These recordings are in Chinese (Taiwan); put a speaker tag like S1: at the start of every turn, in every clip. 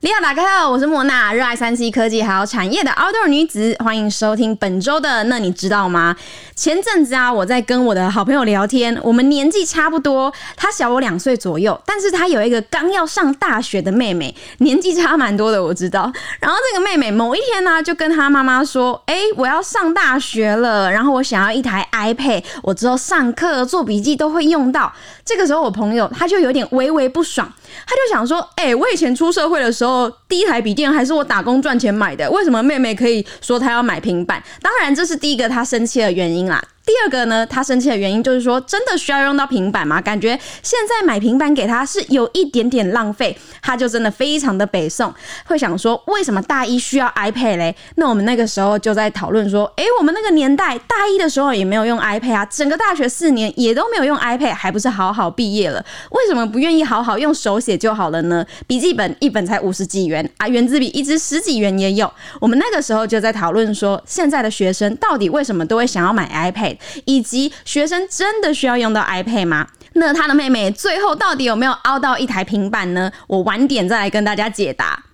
S1: 你好，大家好，我是莫娜，熱愛三 C 科技還有產業的 Outdoor 女子，歡迎收聽本周的那你知道嗎？前陣子啊，我在跟我的好朋友聊天，我們年紀差不多，他小我兩歲左右，但是他有一個剛要上大學的妹妹，年紀差蠻多的，我知道。然後這個妹妹某一天呢、啊，就跟他媽媽說：“哎、欸，我要上大學了，然後我想要一台 iPad，我之後上課做筆記都會用到。”這個時候，我朋友他就有點微微不爽。他就想說：“哎、欸，我以前出社會的時候，第一台筆電還是我打工賺錢買的，為什麼妹妹可以說她要買平板？當然，這是第一個她生氣的原因啦。”第二個呢，他生氣的原因就是說，真的需要用到平板嗎？感覺現在買平板給他是有一點點浪費，他就真的非常的北宋，會想說為什麼大一需要 iPad 嘞？那我們那個時候就在討論說，誒、欸，我們那個年代大一的時候也沒有用 iPad 啊，整個大學四年也都沒有用 iPad，還不是好好畢業了？為什麼不願意好好用手寫就好了呢？筆記本一本才五十幾元啊，原子筆一支十幾元也有。我們那個時候就在討論說，現在的學生到底為什麼都會想要買 iPad？以及學生真的需要用到 iPad 嗎？那他的妹妹最後到底有沒有凹到一台平板呢？我晚點再來跟大家解答。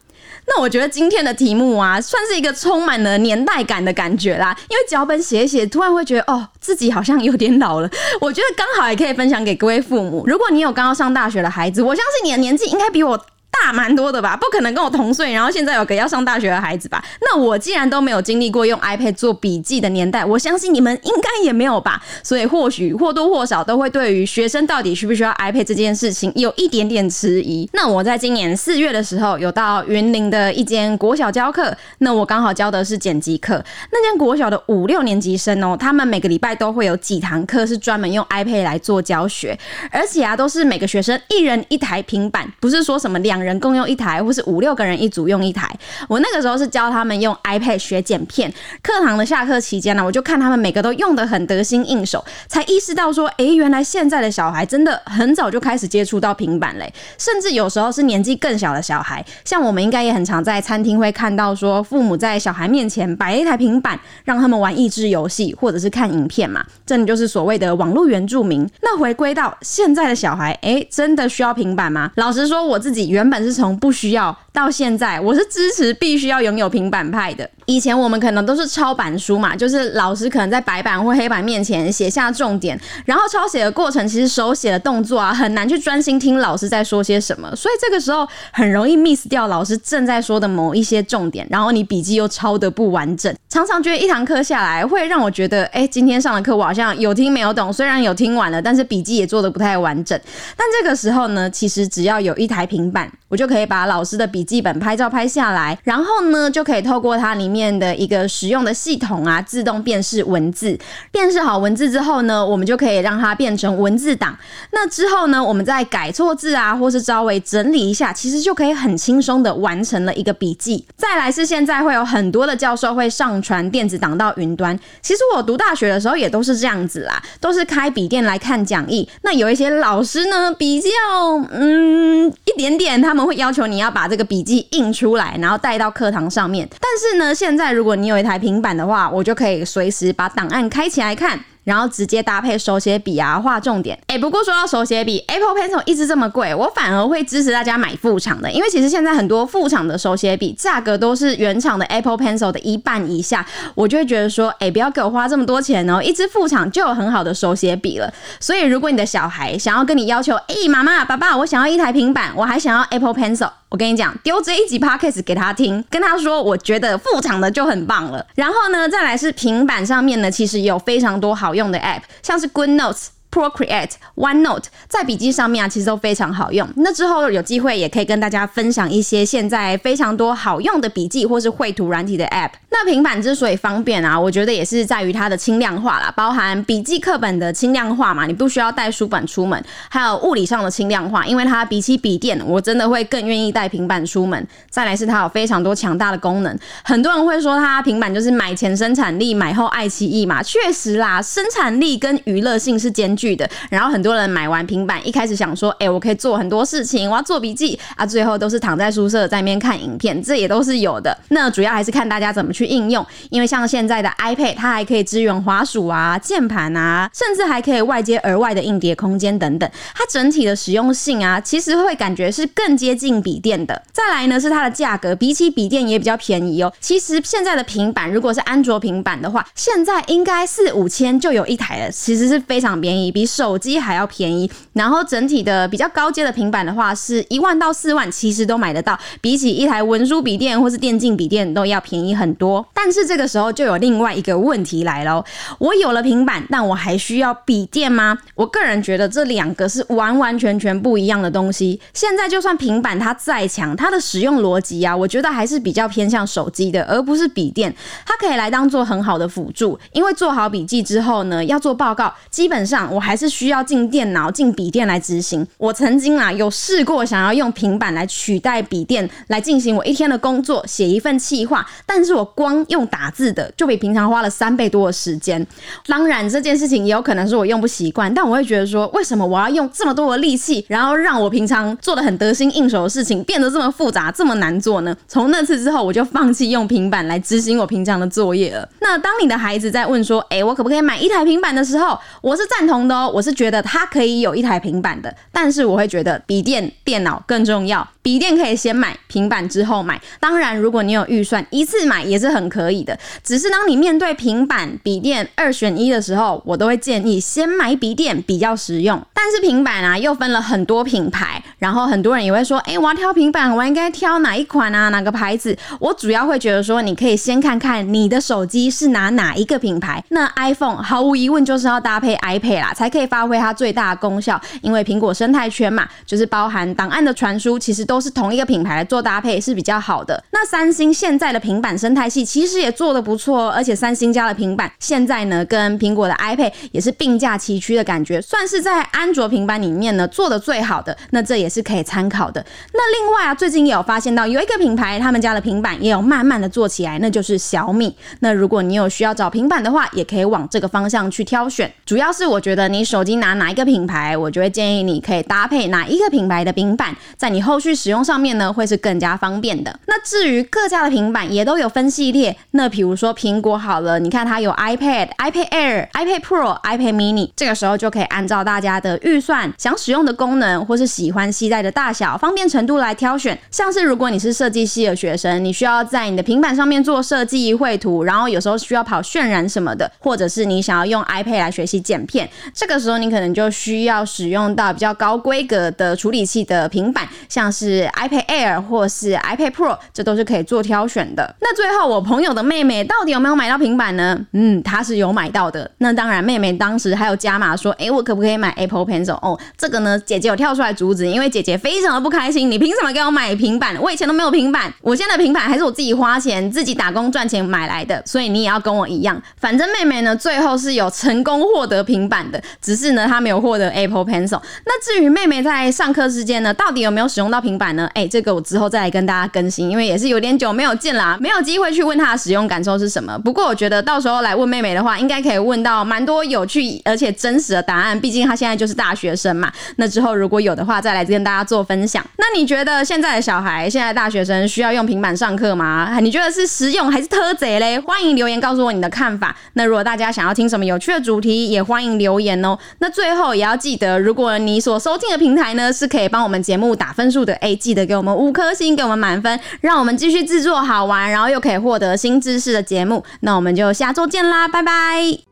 S1: 那我覺得今天的題目啊，算是一個充滿了年代感的感覺啦。因為腳本寫一寫，突然會覺得哦，自己好像有點老了。我覺得剛好也可以分享給各位父母，如果你有剛剛上大學的孩子，我相信你的年紀應該比我。大蠻多的吧，不可能跟我同歲，然後現在有個要上大學的孩子吧？那我既然都沒有經歷過用 iPad 做筆記的年代，我相信你們應該也沒有吧？所以或許或多或少都會對於學生到底需不需要 iPad 這件事情有一點點遲疑。那我在今年四月的時候有到雲林的一間國小教課，那我剛好教的是剪輯課。那間國小的五六年級生哦、喔，他們每個禮拜都會有幾堂課是專門用 iPad 來做教學，而且啊都是每個學生一人一台平板，不是說什麼兩。人共用一臺，或是五六個人一組用一臺。我那個時候是教他們用 iPad 學剪片。課堂的下課期間呢，我就看他們每個都用得很得心應手，才意識到說，誒、欸，原來現在的小孩真的很早就開始接觸到平板嘞。甚至有時候是年紀更小的小孩，像我們應該也很常在餐廳會看到，說父母在小孩面前擺一臺平板，讓他們玩益智遊戲或者是看影片嘛。這裡就是所謂的網絡原住民。那回歸到現在的小孩，誒、欸，真的需要平板嗎？老實說，我自己原本。本是從不需要到現在，我是支持必須要擁有平板派的。以前我們可能都是抄板書嘛，就是老師可能在白板或黑板面前寫下重點，然後抄寫的過程其實手寫的動作啊，很難去專心聽老師在說些什麼，所以這個時候很容易 miss 掉老師正在說的某一些重點，然後你筆記又抄得不完整。常常覺得一堂課下來會讓我覺得，哎、欸，今天上的課我好像有聽沒有懂，雖然有聽完了，但是筆記也做得不太完整。但這個時候呢，其實只要有一台平板，我就可以把老師的筆記本拍照拍下來，然後呢，就可以透過它裡面的一個使用的系統啊，自動辨識文字，辨識好文字之後呢，我們就可以讓它變成文字檔。那之後呢，我們再改錯字啊，或是稍微整理一下，其實就可以很輕鬆的完成了一個筆記。再來是現在會有很多的教授會上傳電子檔到雲端，其實我讀大學的時候也都是這樣子啦，都是開筆電來看講義。那有一些老師呢，比較嗯一點點，他們會要求你要把這個筆記印出來，然後帶到課堂上面。但是呢，現在如果你有一台平板的話，我就可以隨時把檔案開起來看。然後直接搭配手寫筆啊，畫重點。哎，不過說到手寫筆，Apple Pencil 一支這麼貴，我反而會支持大家買副廠的，因為其實現在很多副廠的手寫筆價格都是原廠的 Apple Pencil 的一半以下，我就會覺得說，哎，不要給我花這麼多錢哦，一支副廠就有很好的手寫筆了。所以如果你的小孩想要跟你要求，哎，媽媽、爸爸，我想要一台平板，我還想要 Apple Pencil。我跟你講，丟這一集 Podcast 給他聽，跟他說，我覺得副廠的就很棒了。然後呢，再來是平板上面呢，其實也有非常多好用的 app，像是 GoodNotes。Procreate、Pro OneNote 在筆記上面啊，其實都非常好用。那之後有機會也可以跟大家分享一些現在非常多好用的筆記或是繪圖軟體的 App。那平板之所以方便啊，我覺得也是在於它的輕量化啦，包含筆記課本的輕量化嘛，你不需要帶書本出門，還有物理上的輕量化，因為它比起筆電，我真的會更願意帶平板出門。再來是它有非常多強大的功能，很多人會說它平板就是買前生產力，買後愛奇藝嘛，確實啦，生產力跟娛樂性是兼去的。然後很多人買完平板，一開始想說，哎、欸，我可以做很多事情，我要做筆記啊，最後都是躺在宿舍在那邊看影片，這也都是有的。那主要還是看大家怎麼去應用，因為像現在的 iPad，它還可以支援滑鼠啊、鍵盤啊，甚至還可以外接額外的硬碟空間等等，它整體的實用性啊，其實會感覺是更接近筆電的。再來呢，是它的價格，比起筆電也比較便宜哦。其實現在的平板，如果是安卓平板的話，現在應該是五千就有一台了，其實是非常便宜。比手機還要便宜，然後整體的比較高階的平板的話是一萬到四萬，其實都買得到。比起一台文書筆電或是電競筆電都要便宜很多。但是這個時候就有另外一個問題來了：我有了平板，但我還需要筆電嗎？我個人覺得這兩個是完完全全不一樣的東西。現在就算平板它再強，它的使用邏輯啊，我覺得還是比較偏向手機的，而不是筆電。它可以來當做很好的輔助，因為做好筆記之後呢，要做報告，基本上我。還是需要進電腦、進筆電來執行。我曾經啊有試過想要用平板來取代筆電來進行我一天的工作，寫一份企劃，但是我光用打字的就比平常花了三倍多的時間。當然這件事情也有可能是我用不習慣，但我會覺得說，為什麼我要用這麼多的力氣，然後讓我平常做的很得心應手的事情變得這麼複雜、這麼難做呢？從那次之後，我就放棄用平板來執行我平常的作業了。那當你的孩子在問說，哎、欸，我可不可以買一台平板的時候，我是贊同的、哦。我是覺得它可以有一台平板的，但是我會覺得筆電、電腦更重要。筆電可以先買，平板之後買。當然，如果你有預算，一次買也是很可以的。只是當你面對平板、筆電二選一的時候，我都會建議先買筆電比較實用。但是平板啊，又分了很多品牌。然後很多人也會說，哎、欸，我要挑平板，我應該挑哪一款啊？哪個牌子？我主要會覺得說，你可以先看看你的手機是拿哪，哪一個品牌。那 iPhone 毫無疑問就是要搭配 iPad 啦，才可以發揮它最大的功效。因為蘋果生態圈嘛，就是包含檔案的傳輸，其實都是同一個品牌做搭配是比較好的。那三星現在的平板生態系其實也做的不錯，而且三星家的平板現在呢，跟蘋果的 iPad 也是並駕齊驅的感覺，算是在安卓平板裡面呢做的最好的。那這。也是可以參考的。那另外啊，最近也有發現到有一個品牌，他們家的平板也有慢慢的做起來，那就是小米。那如果你有需要找平板的話，也可以往這個方向去挑選。主要是我覺得你手機拿哪一個品牌，我就會建議你可以搭配哪一個品牌的平板，在你後續使用上面呢，會是更加方便的。那至於各家的平板也都有分系列，那比如說蘋果好了，你看它有 iPad、iPad Air、iPad Pro、iPad mini，這個時候就可以按照大家的預算、想使用的功能或是喜歡。攜帶的大小、方便程度來挑選。像是如果你是設計系的學生，你需要在你的平板上面做設計繪圖，然後有時候需要跑渲染什麼的，或者是你想要用 iPad 來學習剪片，這個時候你可能就需要使用到比較高規格的處理器的平板，像是 iPad Air 或是 iPad Pro，這都是可以做挑選的。那最後我朋友的妹妹到底有沒有買到平板呢？嗯，她是有買到的。那當然，妹妹當時還有加碼說：“誒、欸，我可不可以買 Apple Pencil？” 哦，這個呢，姐姐有跳出來阻止，因為。姐姐非常的不開心，你憑什麼給我買平板？我以前都沒有平板，我現在的平板還是我自己花錢、自己打工賺錢買來的，所以你也要跟我一樣。反正妹妹呢，最後是有成功獲得平板的，只是呢，她沒有獲得 Apple Pencil。那至於妹妹在上課之間上課時間呢，到底有沒有使用到平板呢？哎、欸，這個我之後再來跟大家更新，因為也是有點久沒有見啦、啊，沒有機會去問她的使用感受是什麼。不過我覺得到時候來問妹妹的話，應該可以問到蠻多有趣而且真實的答案，畢竟她現在就是大學生嘛。那之後如果有的話，再來。跟大家做分享。那你覺得現在的小孩、現在大學生需要用平板上課嗎？你覺得是實用還是特賊嘞？歡迎留言告訴我你的看法。那如果大家想要聽什麼有趣的主題，也歡迎留言哦、喔。那最後也要記得，如果你所收聽的平台呢，是可以幫我們節目打分數的，誒、欸，記得給我們五顆星，給我們滿分，讓我們繼續製作好玩，然後又可以獲得新知識的節目。那我們就下周見啦，拜拜。